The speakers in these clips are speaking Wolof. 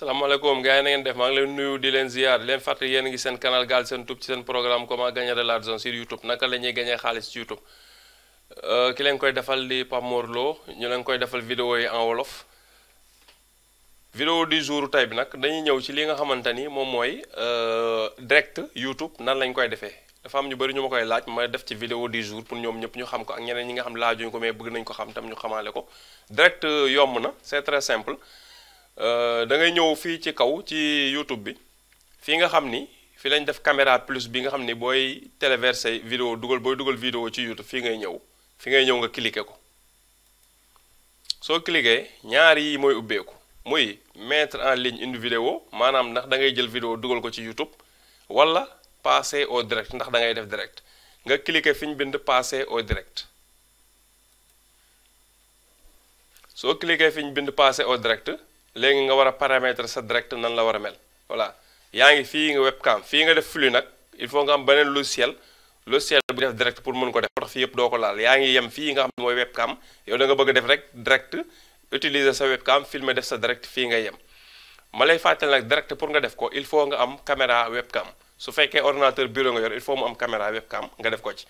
salaamaaleykum gars yi na def maa ngi leen nuyu di leen ziar di leen fàttali yéen ngi seen canal Galsen Tube ci seen programme comment gagner de a sur YouTube xaalis ci YouTube euh, ki leen koy defal li ñu leen koy defal vidéo yi en wolof vidéo du jour tey bi nag dañuy ñëw ci li nga xamante ni moom mooy euh, direct YouTube nan lañ koy defee dafa am ñu bëri ñu ma koy laaj ma def ci vidéo du jour pour ñoom ñëpp ñu xam ko ak ñeneen ñi nga xam laajuñ ko mais bëgg nañ ko xam tam ñu xamaale ko direct euh, yomb na c'est très simple Euh, da ngay ñëw fii ci kaw ci YouTube bi fii nga xam ni fii lañ def caméra plus bi nga xam ni booy téléversé vidéo dugal booy dugal vidéo ci YouTube fii ngay ñëw fi ngay ñëw nga cliqué ko soo cliqué ñaar yi mooy ubbeeku muy mettre en ligne une vidéo maanaam ndax da ngay jël vidéo dugal ko ci YouTube wala passer au direct ndax da ngay def direct nga cliqué fi ñu bind passé au direct soo cliqué fi ñu bind passer au direct léegi nga war a paramètre sa direct nan la war a mel voilà yaa ngi fii nga webcam fii nga def flux nag il faut nga am beneen logiciel logiciel bu def direct pour mën ko def tax fii yëpp doo ko laal yaa ngi yem fii nga xam ne mooy webcam yow da nga bëgg def rek direct utiliser sa webcam filmer def sa direct fii ngay yem ma lay fàttali nag direct pour nga def ko il faut nga am caméra webcam su fekkee ordinateur bureau nga yor il faut mu am caméra webcam nga def ko ci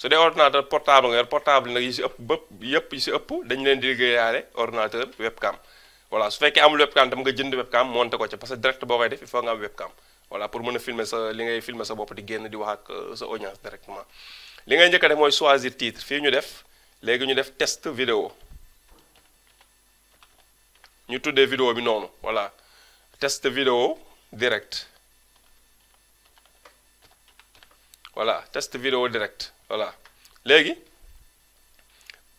su dee ordinateur portable nga yor portable nag yi si ëpp bëpp yëpp yi si ëpp dañu leen di liggéeyaale ordinateur webcam voilà su fekkee amul webcam tam nga jënd webcam monté ko ci parce que direct boo koy def il faut nga am webcam voilà pour mën a filmer sa li ngay filmer sa bopp di génn di wax ak euh, sa audience directement li ngay njëkk a def mooy choisir titre fii ñu def léegi ñu def test vidéo ñu tuddee vidéo bi noonu voilà test vidéo direct voilà test vidéo direct voilà léegi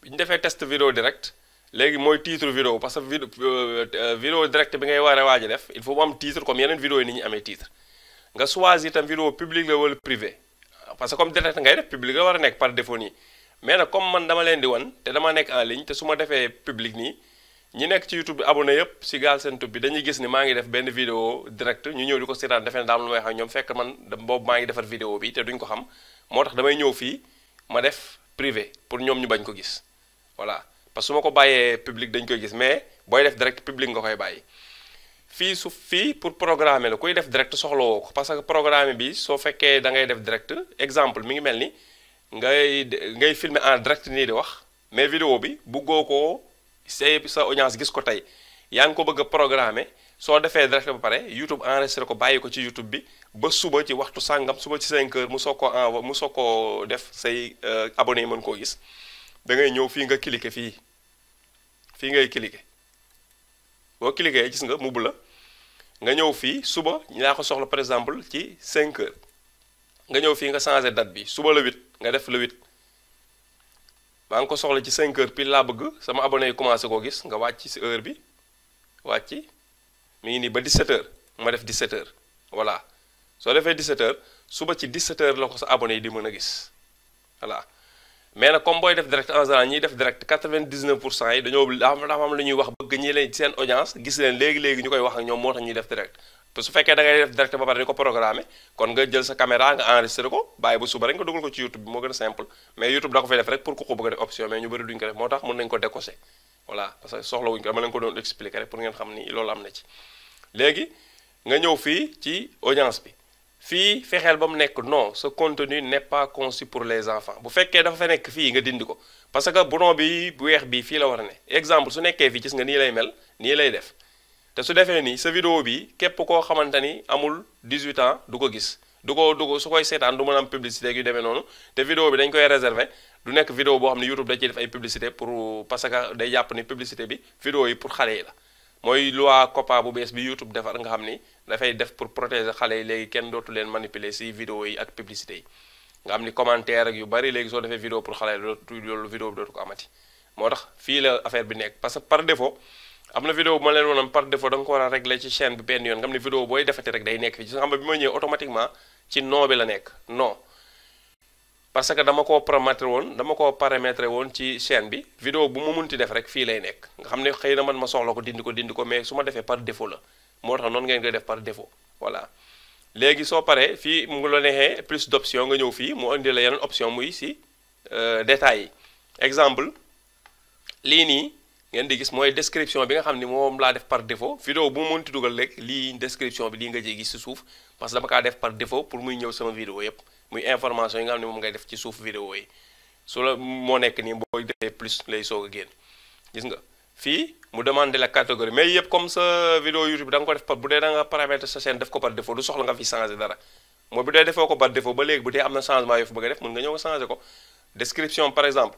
bi ñu defee test vidéo direct léegi mooy titre vidéo parce que vidéo euh, vidéo direct bi ngay war a waaj a def il faut mu am titre comme yeneen vidéo yi ni ñu amee titre nga choisir tam vidéo publique la wala privé parce que comme direct ngay def public la war a nekk par défo nii mais nag comme man dama leen di wan te dama nekk en ligne te su ma defee public nii ñi nekk ci youtube bi abonné yëpp si Galsen Tube bi dañuy gis ni maa ngi def benn vidéo direct ñu ñëw di ko seetaan defe ne daam lu may xam ñoom fekk man boobu maa ngi defar vidéo bi te duñ ko xam moo tax damay ñëw fii ma def privé pour ñoom ñu bañ ko gis voilà parce que su ma ko bàyyee publique dañ koy gis mais booy def direct public nga koy bàyyi fii su fii pour programme la kuy def direct soxlawoo ko parce que programme bi soo fekkee dangay def direct exemple mi ngi mel ni ngay ngay filmer en direct nii di wax mais vidéo bi buggoo ko say sa audience gis ko tey yaa ngi ko bëgg a programmer soo defee direct ba pare YouTube enregistré ko bàyyi ko ci YouTube bi ba suba ci waxtu sàngam suba ci 5 heures mu soog koo envo mu soog koo def say euh, abonné yi mën koo gis da ngay ñëw fii nga cliquer fii fii ngay cliquer boo cliquer gis nga mu bu nga ñëw fii suba laa ko soxla par exemple ci 5 nga ñëw fii nga changer date bi suba le 8 nga def le 8. maa ngi ko soxla ci 5 heures pile laa bëgg sama abonné yi commencé ko gis nga wàcci si heure bi wàcc mi ngi nii ba 17 heures ma def 17 heures voilà soo defee 17 heures suba ci 17 heures la ko sa abonné yi di mën a gis voilà mais nag comme booy def direct en général def direct 99 pour cent yi dañoo dafa am lu ñuy wax bëgg ñi leen seen audience gis leen léegi léegi ñu koy wax ak ñoom moo tax ñuy def direct su fekkee da ngay def direct ba pare di ko programmer kon nga jël sa caméra nga enregistré ko bàyyi ba suba rek nga dugal ko ci YouTube bi moo gën a simple mais YouTube da ko a ko def moo tax mën nañ ko décoché voilà parce que soxla wuñ ko léegi nga ñëw fii ci audience bi fii fexeel ba mu nekk non ce contenu n'est pas pour les enfants bu fekkee dafa fa nekk fii nga dindi ko parce que bouton bi bu weex bi fii la war a ne exemple su nekkee fii gis nga nii lay mel nii lay def te su defee nii sa vidéo bi képp koo xamante ni amul 18 ans du ko gis du ko du ko su koy seetaan du mën am publicité yu demee noonu te vidéo bi dañ koy réserver du nekk vidéo boo xam ne YouTube da ciy def ay publicité pour parce que day ni publicité bi vidéo yi pour xale yi la mooy loi COPPA bu bees bi YouTube defar nga xam ni dafay def pour protéger xale yi léegi kenn dootu leen manipuler si video yi ak publicité yi nga xam ni commentaire ak yu bari léegi soo defee vidéo pour xale yi loolu vidéo bi dootu ko amati moo tax fii la affaire bi nekk parce que par défaut am na vidéo bu ma leen woon par défaut da nga ko war a régler ci chaîne bi benn yoon nga xam ne vidéo booy defati rek day nekk fii ci nga xam ne bi ma ñëwee automatiquement ci non la nekk non parce que dama koo paramétré woon dama koo paramétré woon ci chaîne bi vidéo bu mu mun ti def rek fii lay nekk nga xam ne xëy na man ma soxla ko dindi ko dindi ko mais su ma defee par défaut la moo tax noonu neen koy def par defo voilà léegi soo paree fii mu la neexee d' option nga ñëw fii mu indi la yeneen option muy si euh, détails yi exemple lii ngeen di gis mooy description bi nga xam ni moom laa def par défaut vidéo bu mu mënti dugal rek lii description bi lii nga ciy gis si suuf parce que dama kaa def par défaut pour muy ñëw sama vidéo yëpp muy information yi nga xam ne moom ngay def ci suuf vidéo yi su la moo nekk nii boo defee plus lay soog a génn gis nga fii mu demandé la catégorie mais yëpp comme sa vidéo YouTube da ko def par bu dee da nga paramètre sa chaîne def ko par défaut du soxla nga fi changer dara mooy bu dee defoo ko par a def mën nga ñëw nga changer exemple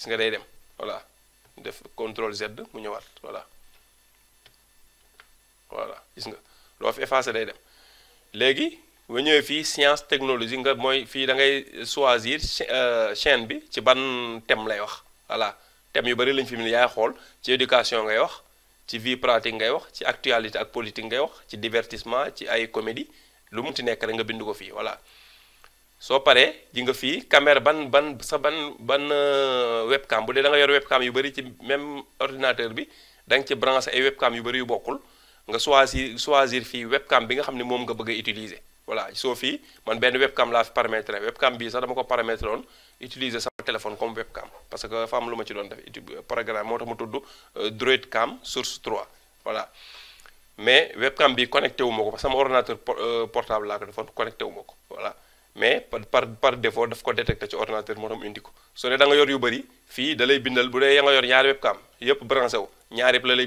gis nga day dem voilà def contrôle Z mu ñëwaat voilà voilà gis nga loo fi effacé day dem léegi nga ñëwee fii science technologie nga mooy fii da ngay choisir euh, chaîne bi ci ban thème lay wax voilà thème yu bari lañ fi mu yaay xool ci éducation ngay wax ci vie pratique ngay wax ci actualité ak politique ngay wax ci divertissement ci ay comédie lu mu ti nekk rek nga bind ko fii voilà soo paree ji nga fii caméra ban ban sa ban ban euh, webcam bu dee da nga yor webcam yu bëri ci même ordinateur bi danga nga ci branché ay webcam yu bëri yu bokkul nga choisir choisir fii webcam bi nga xam ne moom nga bëgg a utiliser voilà soo fii man benn webcam laa fi paramétré webcam bii sax dama ko paramétré woon utiliser sama téléphone comme webcam parce que fa am lu ma ci doon def euh, programme moo tax mu tudd euh, Droidcam source 3 voilà mais webcam bi connecté wu ma ko sama ordinateur portable laa defoon connecté wu ma ko mais par par par défaut daf ko détecté ci ordinateur moo tax indi ko su ne da yor yu bëri fii da lay bindal bu dee ya yor ñaari webcam yëpp branché wu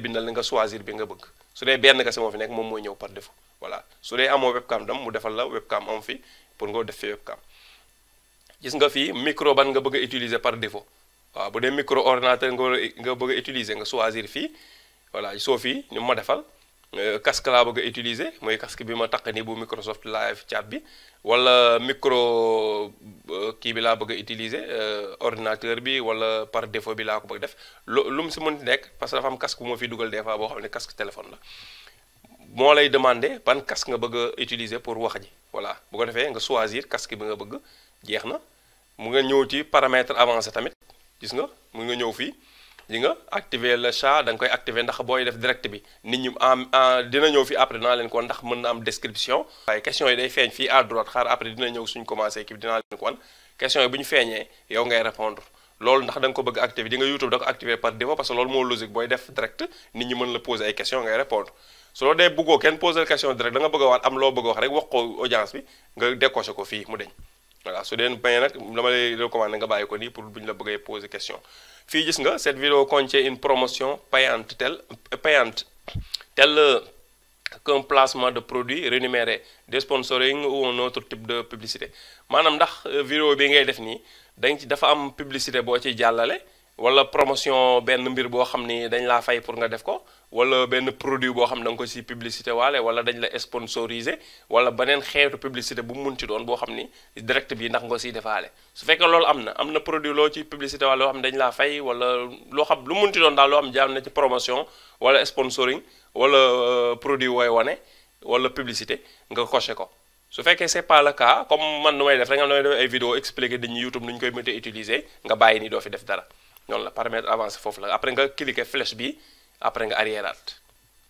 bindal nga choisir bi nga bëgg su dee benn kese moo fi nekk moom mooy ñëw par défaut su amoo webcam dam mu defal la webcam am fi pour nga def fi webcam gis nga fii micro ban nga bëgg a utiliser par défaut waaw bu dee micro ordinateur nga nga bëgg utiliser nga choisir fii voilà soo fii ñu ma defal. Euh, casque laa bëgg a utiliser mooy casque bi ma taq ni bu Microsoft Live chat bi wala micro euh, kii bi laa bëgg a utiliser euh, ordinateur bi wala par défaut bi laa ko bëgg def lu lu mu si mën nekk parce que fam am casque bu ma fi dugal des fois boo xam ne casque téléphone la moo lay demander ban casque nga bëgg utiliser pour wax ji voilà bu defee nga choisir casque bi nga bëgg jeex na mu nga ñëw ci paramètre avancé tamit gis nga mu nga ñëw fii li nga activer le chat da koy activer ndax booy def direct bi nit ñi en ah, dina ñëw fi après dinaa leen ko ndax mën na am description waaye question yi day feeñ fii à droite xaar après dina ñëw suñ commencé kii dinaa leen ko wan question yi bu feeñee yow ngay répondre loolu ndax da ko bëgg activer di nga YouTube da ko activer par défaut parce que loolu moo logique booy def direct nit ñi mën la poser ay question ngay répondre su dee bëggoo kenn poser question direct da nga bëgg a waat am loo bëgg wax rek wax ko audience ko fii mu deñ voilà su deen bañee nag dama recommander nga bàyyi ko nii pour bu ñu la bëggee poser question fii gis nga cette vidéo contient une promotion payante telle payante telle qu'un placement de produit rémunéré des sponsoring ou un autre type de publicité maanaam ndax vidéo bi ngay def nii dañ ci dafa am publicité boo ciy jàllale wala promotion benn mbir boo xam ni dañ laa fay pour nga def ko wala benn produit boo xam ne da nga ko ci publicité waale wala dañ la sponsorisé wala beneen xeetu publicité bu mu munti doon boo xam ni direct bi ndax nga si defaale su fekkee loolu am na am na produit loo ci publicité waale loo xam ne dañ laa fay wala loo xam lu munti doon daal loo xam ne na ci promotion wala sponsoring wala euh, produit wooy wane wala publicité nga coché ko su fekkee c'est pas comme man nu may def rek nga may def ay vidéo expliqué dañuy YouTube nu ñu koy mën a nga bàyyi ni fi def dara noonu la paramètre avance foofu la après nga cliquer flèche bi après nga arriéraat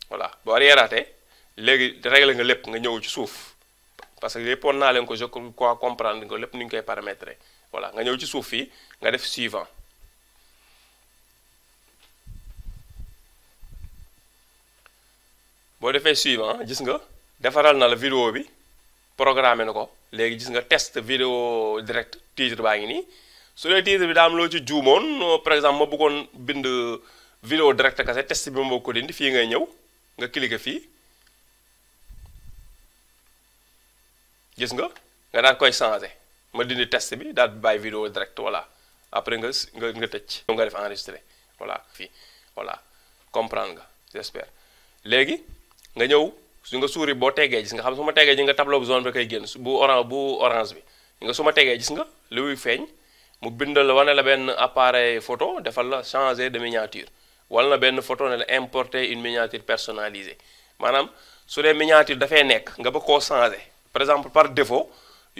voilà boo arriéraatee léegi réglé nga lépp nga ñëw ci suuf parce que yéppoon naa leen ko je crois comprendre nga lépp ni ñu koy paramétrer voilà nga ñëw ci suuf fii nga def suivant boo defee suivant gis nga defaral na la vidéo bi programme na ko léegi gis nga test vidéo direct titre baa ngi nii su dee titre bi daa am loo ci juumoon par exemple ma bëggoon bind vidéo direct kase test bi ma ko dindi fii ngay ñëw nga cliquer fii gis nga nga daal koy changé ma dindi test bi daal bàyyi vidéo direct voilà après nga nga nga tëj nga def enregistré voilà fii voilà comprendre nga j'espère léegi nga ñëw su nga suuri boo tegee gis nga xam su ma tegee gis nga tableau bu zone bi koy génn bu orange bu orange bi nga su ma tegee gis nga luy feeñ mu bindal la wane la benn appareil photo defal la changer de miniature wala la benn photo ne la importer une miniature personnalisée maanaam su dee miniature dafay nekk nga bëgg koo changer par exemple par défo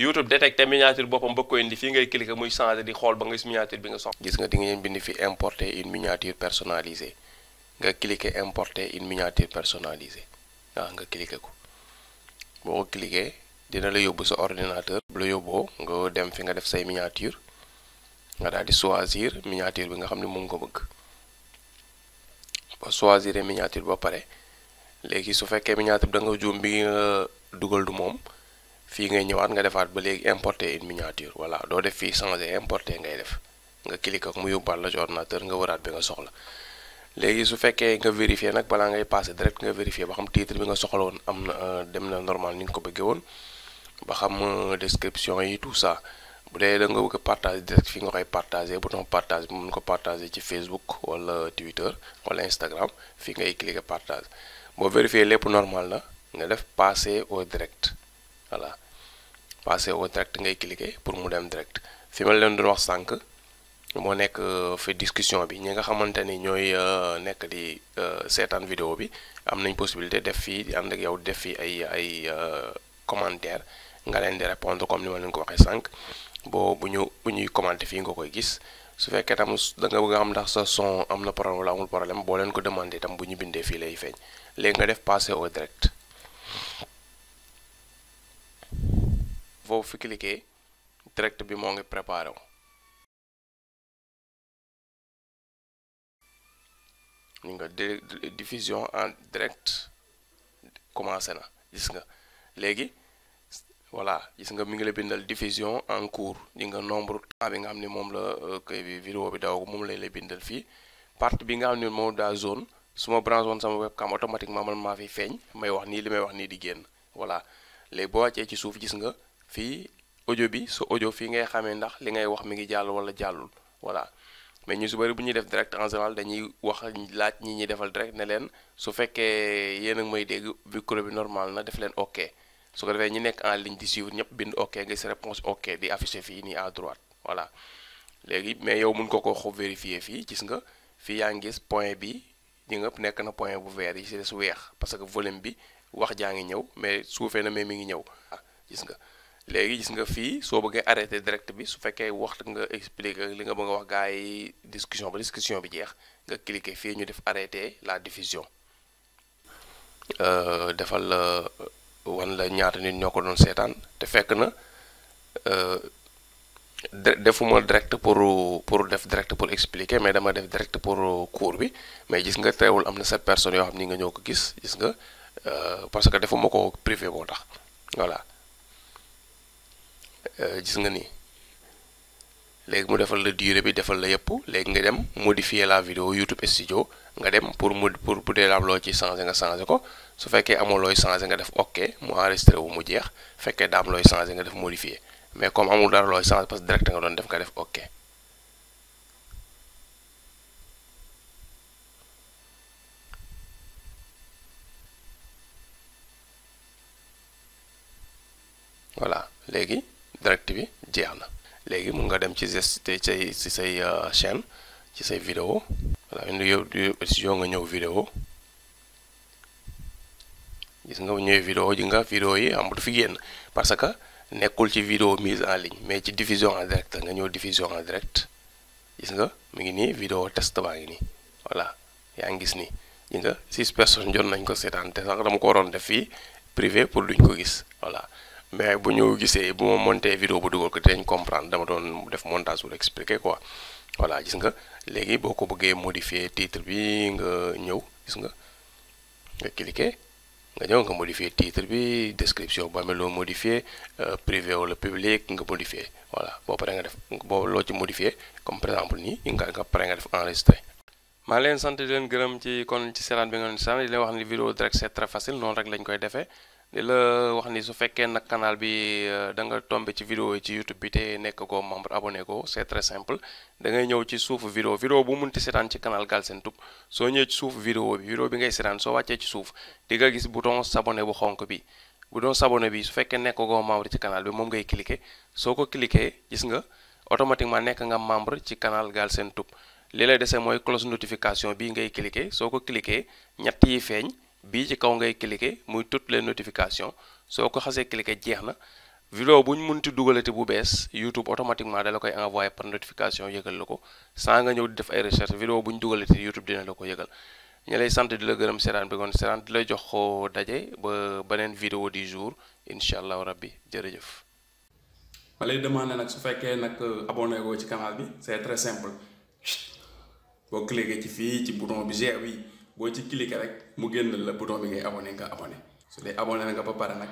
YouTube détecté miniature boppam bëgg ko indi fii ngay cliquer muy changer di xool ba nga gis miniature bi nga soxla. gis nga di ngeen bind fi importer une miniature personnalisée nga cliquer importer une miniature personnalisée waaw nga cliquer ko boo ko cliquer dina la yóbbu sa ordinateur. bu nga dem fi nga def say miniature. nga daal di choisir miniature bi nga xam ne moom nga bëgg ba choisir miniature ba pare léegi su fekkee miniature da nga juum bi nga dugal du moom fii ngay ñëwaat nga defaat ba léegi importer une miniature voilà doo def fii changer importer ngay def nga cliquer ak mu yóbbaat la ci ordinateur nga waraat bi nga soxla léegi su fekkee nga vérifier nag balaa ngay passé direct nga vérifier ba xam titre bi nga soxla woon am na euh, dem na normal ni nga ko bëggee woon ba xam euh, description yi tout ça. bu dee da nga bëgg a partager direct fi nga koy partager bouton partage bi mën ko partager ci Facebook wala Twitter wala Instagram fi ngay cliquer partage boo vérifier lépp normal la nga def passer au direct voilà passer au direct ngay cliquer pour mu dem direct fi ma leen doon wax sànq moo nekk euh, fe discussion bi ñi nga xamante ni ñooy euh, nekk di euh, seetaan vidéo bi am nañ possibilité def fii di ànd ak yow def fii ay ay commentaire nga leen di répondre comme ni ma leen ko waxee sànq. boo bu ñu bu ñuy commenté fii nga koy gis su fekkee tam danga nga bëgg a ndax sa son am na problème wala amul problème boo leen ko demandé tam bu ñu bindee fii lay feeñ léegi nga def passer au direct foofu fi cliquer direct bi moo ngi préparé wu ñu nga diffusion en direct commencé na gis nga léegi voilà gis nga mi ngi la bindal diffusion en cours di nga nombre temps bi nga xam ne moom la euh, kay bi vidéo bi daw moom lay la bindal fii partie bi nga xam ne moom daa zone su ma branche woon sama webcam automatiquement man maa fi feeñ may wax nii li may wax nii di génn voilà léegi boo wàccee ci suuf gis nga fii audio bi sa ojo fii ngay xamee ndax li ngay wax mi ngi jàll wala jàllul voilà mais ñu su bari bu ñuy def direct en général dañuy wax laaj ñi ñuy defal direct ne leen su fekkee yéen a may dégg micro bi normal na def leen ok su ko defee ñi nekk en ligne di suivre ñëpp bind ok nga gis réponse ok di affiché fii nii à droite voilà léegi mais yow mun ko ko xob vérifier fii gis nga fii yaa ngi gis bi ñi nga nekk na point bu vert yi ci weex parce que volume bi wax jaa ngi ñëw mais suufee na mais mi ngi ñëw ah, gis nga léegi gis nga fii soo bëggee arrêté direct bi su fekkee wax nga expliquer li nga bëgg a wax gars yi discussion ba discussion bi jeex nga cliquer fii ñu def arrêté la diffusion euh, defal wan la ñaata nit ñoo ko doon seetaan te fekk na euh, defuma direct pour pour def direct pour expliquer mais dama def direct pour cours bi mais gis nga teewul am na sept personnes yoo xam ni nga ñëw ko gis gis nga euh, parce que defuma ko privé boo tax voilà euh, gis nga nii léegi mu defal la durée bi defal la yëpp léegi nga dem modifier la vidéo YouTube studio nga dem pour mu pour bu dee am loo ci changé nga changé ko su fekkee amoo looy changé nga def ok mu enregistré wu mu jeex fekkee daa am looy changé nga def modifier mais comme amul dara looy changé parce que direct nga doon def nga def ok. léegi direct bi jeex na. léegi mun nga dem ci say ci say euh, chaîne ci say vidéo voilà une yow yow nga ñëw vidéo gis nga ñëwee vidéo ji nga vidéo yi am du fi génn parce que nekkul ci vidéo mise en ligne mais ci diffusion direct nga ñëw diffusion direct gis nga mu ngi nii vidéo test baa ngi nii voilà yaa ngi gis nii gis nga six personnes jot nañ ko seetaan te sax dama ko waroon def fii privé pour ñu ko gis voilà mais bu ñu gisee bu ma monté vidéo bu dugal ko dinañ comprendre dama doon def montage pour expliquer quoi voilà gis nga léegi boo ko bëggee modifier titre bi nga ñëw gis nga nga cliquer nga ñëw nga modifier titre bi description bu amee loo modifier euh, privé wala public nga modifier voilà boo paree nga def boo loo ci modifier comme par exemple nii nga nga pare nga def enregistré. maa leen sant di leen gërëm ci kon ci seetaan bi nga doon seetaan di leen wax ni vidéo noonu rek lañ koy defee. di la wax ni su fekkee nag kanaal bi euh, da nga tombé ci vidéo yi ci YouTube bi te nekk koo membre abonné ko c'est très simple da ngay ñëw ci suufu vidéo vidéo bu munti seetaan ci canal Galsen Tube soo ñëwee ci suuf vidéo bi vidéo bi ngay seetaan soo wàccee ci suuf di nga gis bouton s'abonner bu xonk bi bouton s'abonner bi su fekkee nekk ko membre ci kanaal bi moom ngay cliquer soo ko cliquer gis nga automatiquement nekk nga membre ci kanaal Galsen Tube li lay mooy cloche notification bi ngay cliquer soo ko cliquer ñett yi feeñ bii ci kaw ngay cliquer muy toutes les notifications soo ko xasee cliquer jeex na vidéo bu ñu munti dugalati bu bees YouTube automatiquement dala koy envoyé par notification yëgal la ko saa nga ñëw di def ay recherche vidéo bu ñu dugalati YouTube dina la ko yëgal ñu lay sant di la gërëm seetaan bi kon seetaan di lay jox ko daje ba beneen vidéo du jour incha allahu rabbi jërëjëf. ma lay demandé nag su fekkee nag euh, abonné goo ci canal bi c'est très simple boo bi. boo ci cliquer rek mu génn la bouton bi ngay abonné nga abonné su dee abonné nga ba pare nag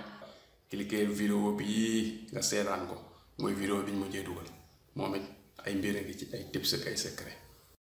cliquer vidéo bii nga seetaan ko mooy vidéo bi ñu mujjee dugal moom ay mbir a ngi ci ay tips ak ay secret